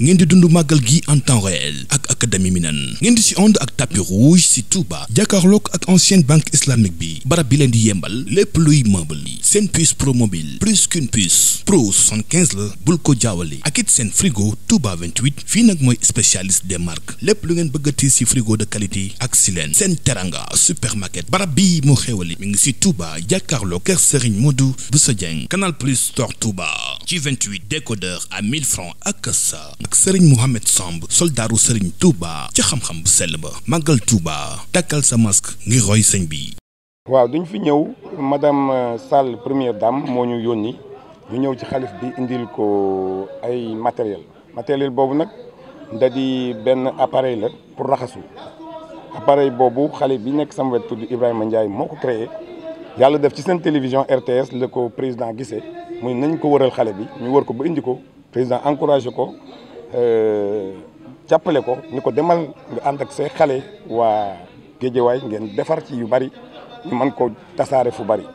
ngeen di dund màggal gi en temps réel ak académie Minane ngeen di si ond ak tapis rouge si Touba jàkkaarloog ak ancienne banque islamique bi barab bi leen di yembal lépp luy meuble yi seen puce pro mobile plus qu'une puce pro la bul ko jaawale ak it seen frigo Touba 28 fii nag mooy spécialiste des marques lépp lu ngeen bëggati si frigo de qualité ak si leen seen teranga supermarket barab bi moo xewali mi ngi si Touba jàkkaarloog kër Serigne Modou Bousso Dieng Canal Plus Store Touba ci 28 décodeur à 1000 francs ak sa ak Serigne Mohamed Samb soldaaru Serigne Touba ci xam-xam bu sell ba màggal Touba takkal sa masque ngir roy sëñ bi. waaw duñ fi ñëw madame euh, Sall première dame moo ñu yónni ñu ñëw ci xalif bi indil ko ay matériel matériel boobu nag nda di benn appareil la pour raxasu appareil boobu xale bi nekk sama wet tudd Ibrahima Ndiaye moo ko créé. yàlla def ci seen télévision RTS la ko président gisee muy nañ ko waral xale bi ñu wër ko ba indi ko président encouragé ko euh, jàppale ko ni ko demal nga ànd ak xale waa Géejawaay ngeen defar ci yu bari ñu mën ko tasaare fu bari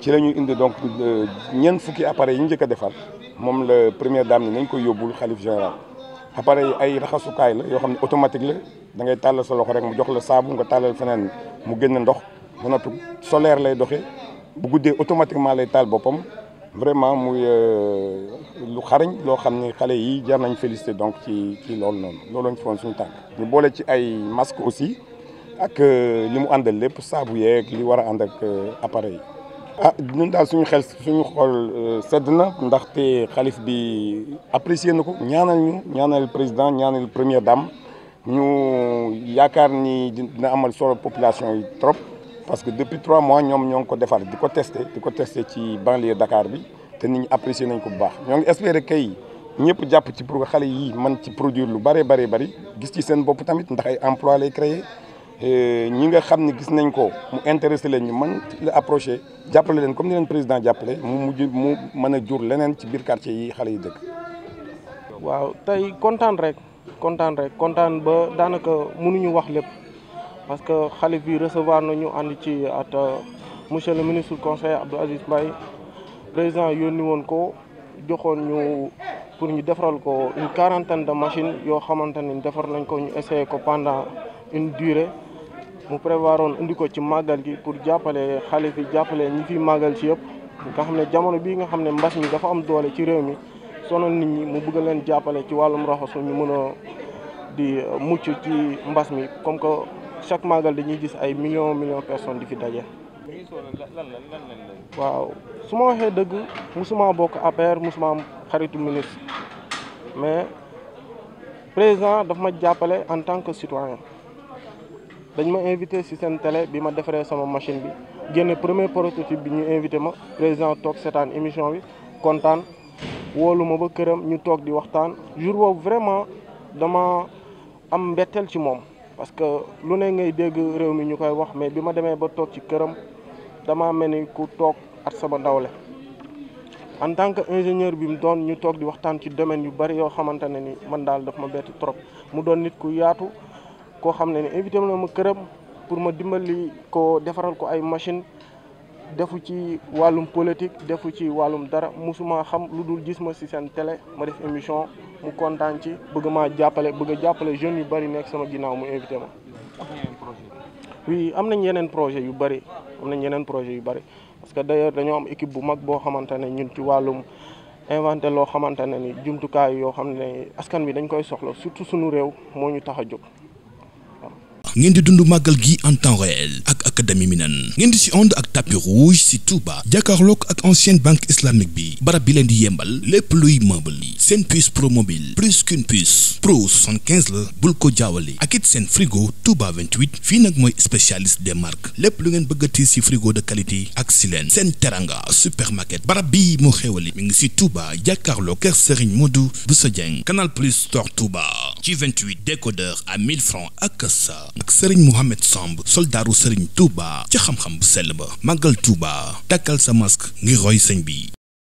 ci la ñuy indi donc euh, ñeent fukki appareils yi njëkk a defar moom la première dame ni nañ koy yóbbul xalif général appareil yi ay raxasukaay la yoo xam ne automatique la da ngay tàllal solo loxo rek mu jox la saabu nga tàllal feneen mu génn ndox ba noppi solaire lay doxe bu guddee automatiquement lay taal boppam vraiment muy euh, lu xarañ loo xam ni xale yi jar nañ félicité donc ci ci loolu noonu loolu ñu fi woon suñu tànk ñu boole ci ay masque aussi ak euh, li mu àndal lépp saabu yeeg li war a ànd ak euh, appareil yi ah ñun daal suñu xel suñu xol sedd na ndaxte xalif bi apprécier na ko ñaanal ñu ñaanal président ñaanal premier dame ñu yaakaar ni dina amal solo population yi trop parce que depuis trois mois ñoom ñoo ko defar di ko testé di ko testé ci banlieue dakaar bi te nit ñi apprécier nañ ko bu baax ñoo ngi espérer kay ñëpp jàpp ci pour xale yi man ci produire lu bëree bare bëri gis ci seen bopp tamit ndaxay ay emploi lay créer euh, ñi nga xam ni gis nañ ko mu intéressé leen ñu man la approché jàppale leen comme ni leen président jàppale mu mujj mu mën a jur leneen ci biir quartier yi xale yi dëkk. waaw tey kontaan rek kontaan kontaan ba daanaka mënuñu wax lépp. parce que xale bi recevoir nañu ànd ci at euh, monsieur le ministre conseil Abdou Aziz Mbaye président ni woon ko joxoon ñu pour ñu defaral ko une quarantaine de machine yoo xamante ni defar nañ ko ñu essayé ko pendant une durée mu prévoir on indi ko ci màggal gi pour jàppale xalif bi jàppale ñi fi màggal ci yëpp nga xam ne jamono bii nga xam ne mbas mi dafa am doole ci réew mi sonal nit ñi mu bëgg leen jàppale ci wàllum raxasu ñu mën a di euh, mucc ci mbas mi comme que chaque màggal dañuy gis ay millions millions personnes di fi daje. waaw su ma waxee dëgg musuma bokk APR musuma am xaritu ministre mais président dafa ma jàppale en tant que citoyen dañ ma invité ci seen télé bi ma defaree sama machine bi génne premier prototype bi ñu invité ma président toog seetaan émission bi kontaan woolu ma ba këram ñu toog di waxtaan jour boobu vraiment dama am mbetteel ci moom. parce que lu ne ngay dégg réew mi ñu koy wax mais bi ma demee ba toog ci këram dama mel ni ku toog at sama ndawle en tant que ingénieur bi mu doon ñu toog di waxtaan ci domaine yu bari yoo xamante ne ni man daal daf ma bett trop mu doon nit ku yaatu koo xam ne ni invité ma na ma këram pour ma dimbali ko defaral ko ay machine defu ci wàllum politique defu ci wàllum dara musuma xam lu dul gis ma si seen télé ma def émission mu kontaan ci bëgg maa jàppale bëgg jàppale jeunes yu bari nekk sama ginnaaw mu invité ma. am nañ yeneen projet yu bëri am nañ projet yu bëri parce que d'ailleurs dañoo am équipe bu mag boo xamante ne ñun ci wàllum inventé loo xamante ne ni jumtukaay yoo xam ne askan bi dañ koy soxla surtout suñu réew moo ñu tax a jóg waaw. ngeen di dund màggal gi en temps réel académie minan ngeen di si onde ak tapis rouge si Touba jàkkaarloog ak ancienne banque islamique bi barab bi leen di yembal lépp luy meuble yi seen puce pro mobile plus qu'une puce pro 75 la bul ko jaawale ak it seen frigo Touba 28 fii nag mooy spécialiste des marques lépp lu ngeen bëggati si frigo de qualité ak si leen seen teranga supermarket barab bi moo xewali mi ngi si Touba jàkkaarloog kër Serigne Modou Bousso Dieng Canal Plus Store Touba ci 28 décodeur à mille francs ak sa ak Serigne Mohamed Samb soldaaru Serigne Touba ci xam-xam bu sell ba màggal Touba takkal sa masque ngir roy sëñ bi